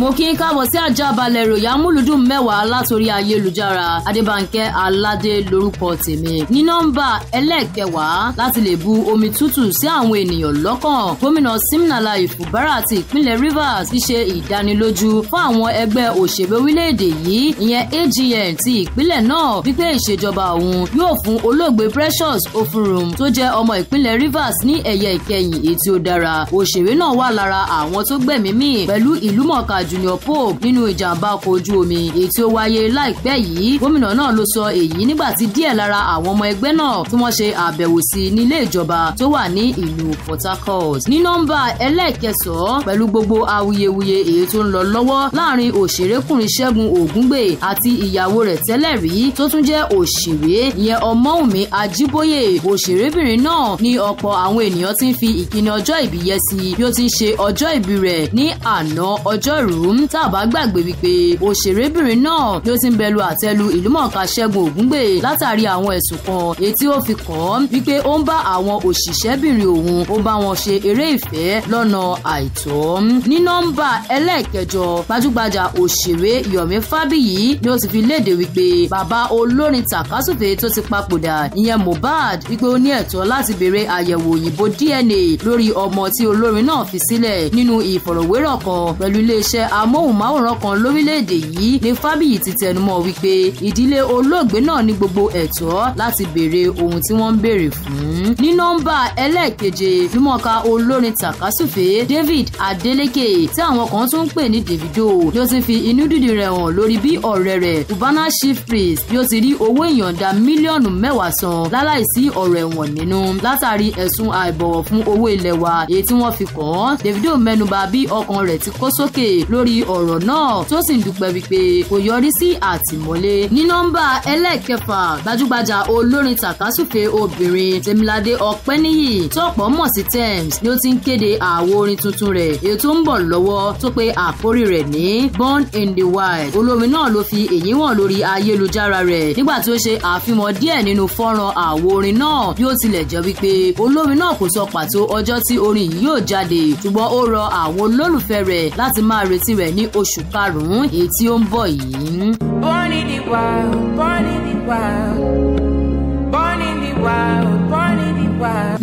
mo kí n káàbọ̀ sí àjàbalẹ̀ ìròyìn amúlùdùn mẹ́wàá látòrí ayélujára adébànkẹ́ aládé lórúkọ tèmi ní nọ́mbà ẹlẹ́ẹ̀kẹwàá láti lè bu omi tútù sí àwọn ènìyàn lọ́kàn gómìnà siminala ìfúbárà ti ìpínlẹ̀ rivers ti ṣe ìdánilójú fún àwọn ẹgbẹ́ òṣèlú orílẹ̀-èdè yìí ìyẹn agn ti ìpínlẹ̀ náà wípé ìṣèjọba òun yóò fún olóògbé precious ofurum tó jẹ́ ọmọ ìpínlẹ̀ rivers ní ẹ̀yẹ ìkẹyìn èyí tí ó dára òṣèré náà wà lára àwọn tó gbẹ̀mí mì pẹ̀lú ìlúmọ̀ọ́ká Junior Pope nínú ìjàmbá ọkọ̀ ojú omi èyí tí ó wáyé láìpẹ́ yìí gómìnà náà ló sọ èyí nígbà tí díẹ̀ lára àwọn ọmọ ẹgbẹ́ náà tí wọ́n ṣe àbẹ̀wò sí nílé ìjọba tó wà ní ìlú Port Harcourt ní nọ́mbà ẹlẹ́ẹ̀kẹsàn-án pẹ̀lú gbogbo awuyewuye èyí tó ń lọ lọ́wọ́ láàrin òṣèrékùnrin Ṣẹ́gun Ògúngbè àti ìyàwó rẹ̀ tẹ́lẹ̀ rí tó tún jẹ́ òṣèré ìyẹn Ọmọ́wùnmí Ajíbóyè òṣèrébìnrin náà ní ọ̀pọ̀ àwọn ènìyàn ti ń fi ìkíni ọjọ́ ìbí yẹ sí bí ó ti ń ṣe ọjọ́ ìbí rẹ̀ ní àná ọjọ́rú ọ̀hún tá a bá gbàgbé wípé òṣèrébìnrin náà ló ti ń bẹlu àtẹ́lu ìlúmọ̀ọ́ká Ṣẹ́gun Ògúngbè látàrí àwọn ẹ̀sùn kan etí ó fi kàn án wípé ó ń bá àwọn òṣìṣẹ́bìnrin òun ó bá wọn ṣe eré ìfẹ́ lọ́nà àìtọ́ ní nọ́mbà ẹlẹ́ẹ̀kẹjọ gbajúgbajà òṣèré Yọ̀mí Fábíyì ni ó ti fi léde wípé bàbá olórin tàkásùfé tó ti papòdà ìyẹn Mohbad wípé ó ní ẹ̀tọ́ láti béèrè àyẹ̀wò òyìnbó DNA lórí ọmọ tí olórin náà fi sílẹ̀ nínú ìfọ̀rọ̀wérọ̀ kan pẹ̀lú iléeṣẹ́ amóhùnmáwòrán kan lórílẹ̀‐èdè yìí ni Fábíyì ti tẹnumọ́ wípé ìdílé olóògbé náà ní gbogbo ẹ̀tọ́ láti béèrè ohun tí wọ́n ń béèrè fún. ní nọ́mbà ẹlẹ́ẹ̀keje lúmọ̀ọ́ká olórin tàkásùfé David Adeleke tí àwọn kan tún ń pè ní Davido ni ó ti fi inú dídì rẹ̀ hàn lórí bí ọ̀rẹ́ rẹ̀ Cubana Chief Priest bí ó ti rí owó ìyọ̀ǹda mílíọ̀nù mẹ́wàá san láláìsí ọ̀rọ̀ ẹ̀wọ̀n nínú látàrí ẹ̀sùn àìbọ̀wọ̀ fún owó ilẹ̀ wa èyí tí wọ́n fi kàn án Davido mẹ́nuba bí ọkàn rẹ̀ ti kó sókè lórí ọ̀rọ̀ náà tó sì ń dúpẹ́ wípé kò yọrí sí àtìmọ́lé ní nọ́mbà ẹlẹ́ẹ̀kẹfà gbajúgbajà olórin tàkásùfé obìnrin Tèmiládé Ọpẹ́níyì tọ́pọ̀ mọ̀ sí Tems ni ó ti ń kéde àwo orin tuntun rẹ̀ èyí tó ń bọ̀ lọ́wọ́ tó pe àkórí rẹ̀ ní born in the wild olórin náà ló fi èyí wọn lórí ayélujára rẹ̀ nígbà tí ó ṣe àfihàn díẹ̀ nínú fọ́nrán àwo orin náà bí ó tilẹ̀ jẹ́ wípé olórin náà kò sọ pàtó ọjọ́ tí orin yìí yóò jáde ìrètí rẹ̀ ní oṣù karùn èyí tí ó ń bọ̀ yìí. born in the wild born in the wild.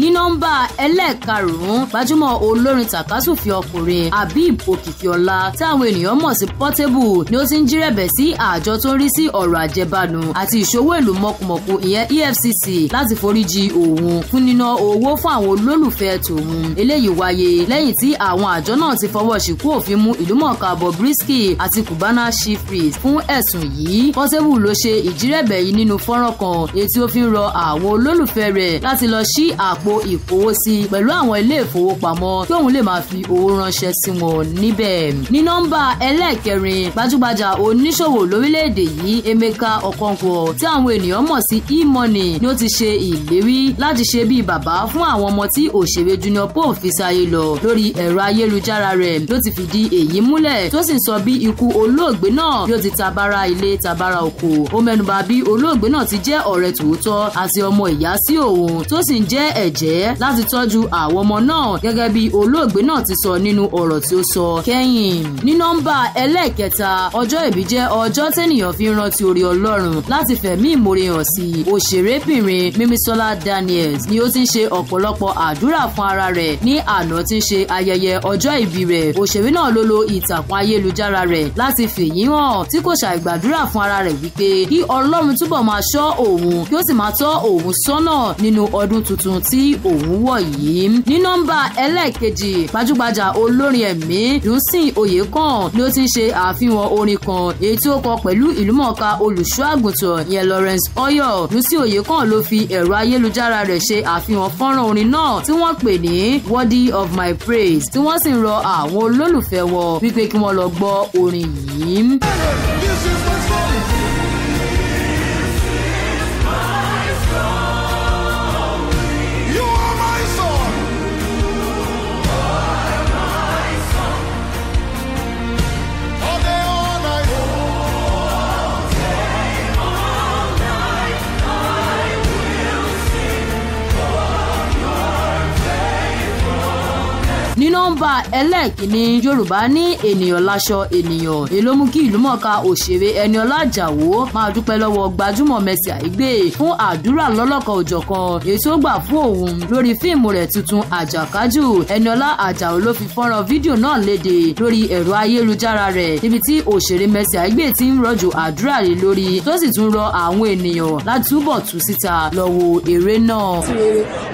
ní nọ́mbà ẹlẹ́ẹ̀karùn-ún gbajúmọ̀ olórin tàkásùfì ọkùnrin Habib Òkìkíọlá tí àwọn ènìyàn mọ̀ sí Portable ni ó ti ń jírẹ̀bẹ̀ sí àjọ tó ń rí sí ọ̀rọ̀ àjẹbánu àti ìṣòwò ìlú mọ̀kùmọ̀kù ìyẹn EFCC láti foríjì òun fún níná owó fún àwọn olólùfẹ́ tòun eléyìí wáyé lẹ́yìn tí àwọn àjọ náà ti fọwọ́ ṣìkú òfin mú ìlúmọ̀ọ́ká Bobrisky àti Cubana Shifris fún ẹ̀sùn yìí Portable ló ṣe ìjírẹ̀bẹ̀ yìí nínú fọ́nrán kan èyí tí ó fi ń rọ àwọn olólùfẹ́ rẹ̀ láti lọ ṣí àpò àpò ìkówósí pẹ̀lú àwọn ilé ìfowópamọ́ kí òun lè máa fi owó ránṣẹ́ sí wọn níbẹ̀. ní nọ́mbà ẹlẹ́ẹ̀kẹrin gbajúgbajà oníṣòwò lórílẹ̀‐èdè yìí Emeka Okonkwo tí àwọn ènìyàn mọ̀ sí e-money ni ó ti ṣe ìlérí láti ṣe bíi bàbá fún àwọn ọmọ tí òṣèré Junior Pope fi sáyé lọ lórí ẹ̀rọ ayélujára rẹ̀ ló ti fìdí èyí múlẹ̀ tó sì ń sọ bí ikú olóògbé náà bí ti tabara ilé tabara oko ó mẹ́nuba bí olóògbé náà ti jẹ́ ọ̀rẹ́ tòótọ́ àti ọmọ ìyá sí òun tó sì ń jẹ́ ẹ̀j jẹ́ láti tọ́jú àwọn ọmọ náà gẹ́gẹ́ bí olóògbé náà ti sọ nínú ọ̀rọ̀ tí ó sọ kẹ́yìn. ní nọ́mbà ẹlẹ́ẹ̀kẹta ọjọ́ ìbí jẹ́ ọjọ́ tẹ́nìyàn fi ń rántí orí ọlọ́run láti fẹ̀mí ìmoore hàn sí i òṣèrébìnrin mímísọ́lá daniels ni ó ti ń ṣe ọ̀pọ̀lọpọ̀ àdúrà fún ara rẹ̀ ní àná tí ń ṣe ayẹyẹ ọjọ́ ìbí rẹ̀ òṣèré náà ló lo ìtàkùn ayélujára rẹ̀ láti fèyí hàn tí kò ṣàìgbàdúrà fún ara rẹ̀ wípé kí ọlọ́run túbọ̀ máa ṣọ́ òun kí ó sì máa tọ́ òun sọ́nà nínú ọdún tuntun tí òwúwọ̀ yìí ní nọ́mbà ẹlẹ́ẹ̀kejì gbajúgbajà olórin ẹ̀mí dùnsìn oyèkàn ni ó ti ń ṣe àfihàn orin kan èyí tí ó kọ pẹ̀lú ìlúmọ̀ọ́ká olùṣọ́àgùntàn yẹn Lawrence Oyor dùnsìn oyèkàn ló fi ẹ̀rọ ayélujára rẹ̀ ṣe àfihàn fọ́nrán orin náà tí wọ́n pè ní worthy of my praise tí wọ́n sì ń rọ àwọn olólùfẹ́ wọn wípé kí wọ́n lọ gbọ́ orin yìí. nọ́mbà ẹlẹ́ẹ̀kìnní yorùbá ní ènìyàn láṣọ ènìyàn èló mú kí ìlúmọ̀ọ́ká òṣèré Ẹniọlá Àjàó máa dúpẹ́ lọ́wọ́ gbajúmọ̀ Mercy Aigbe fún àdúrà lọ́lọ́kan òjọ̀kan èyí tó gbà fún òun lórí fíìmù rẹ̀ tuntun àjàkájù Ẹniọlá Àjàó ló fi fọ́nrán fídíò náà léde lórí ẹ̀rọ ayélujára rẹ̀ níbi tí òṣèré Mercy Aigbe ti ń rọ̀jò àdúrà rẹ̀ lórí tó sì tún rọ àwọn ènìyàn láti túbọ̀ tú síta lọ wo náà.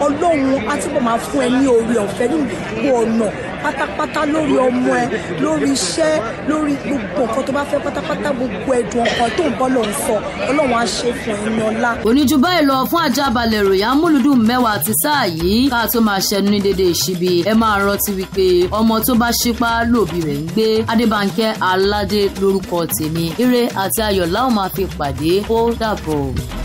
ọlọ́run á túbọ̀ máa fún ẹ ní oore ọ̀fẹ́ nínú gbogbo ọ̀nà pátápátá lórí ọmọ ẹ lórí iṣẹ́ lórí gbogbo nǹkan tó bá fẹ́ pátápátá gbogbo ẹ̀dùn ọkàn tó ń bọ́ lọ sọ ọlọ́run á ṣe fún ẹni ọlá. oníjú báyìí lọ fún àjàbalẹ̀ ìròyìn amúlùdùn mẹ́wàá ti sáà yìí ká tó máa ṣẹnu ní dédé ìṣíbi ẹ máa rántí wípé ọmọ tó bá ṣípá lòbí rẹ̀ ń gbé adébánkẹ́ aládé lórúkọ tèmi ire àti ayọ̀ láwọn máa fi pàdé ó dàbọ̀.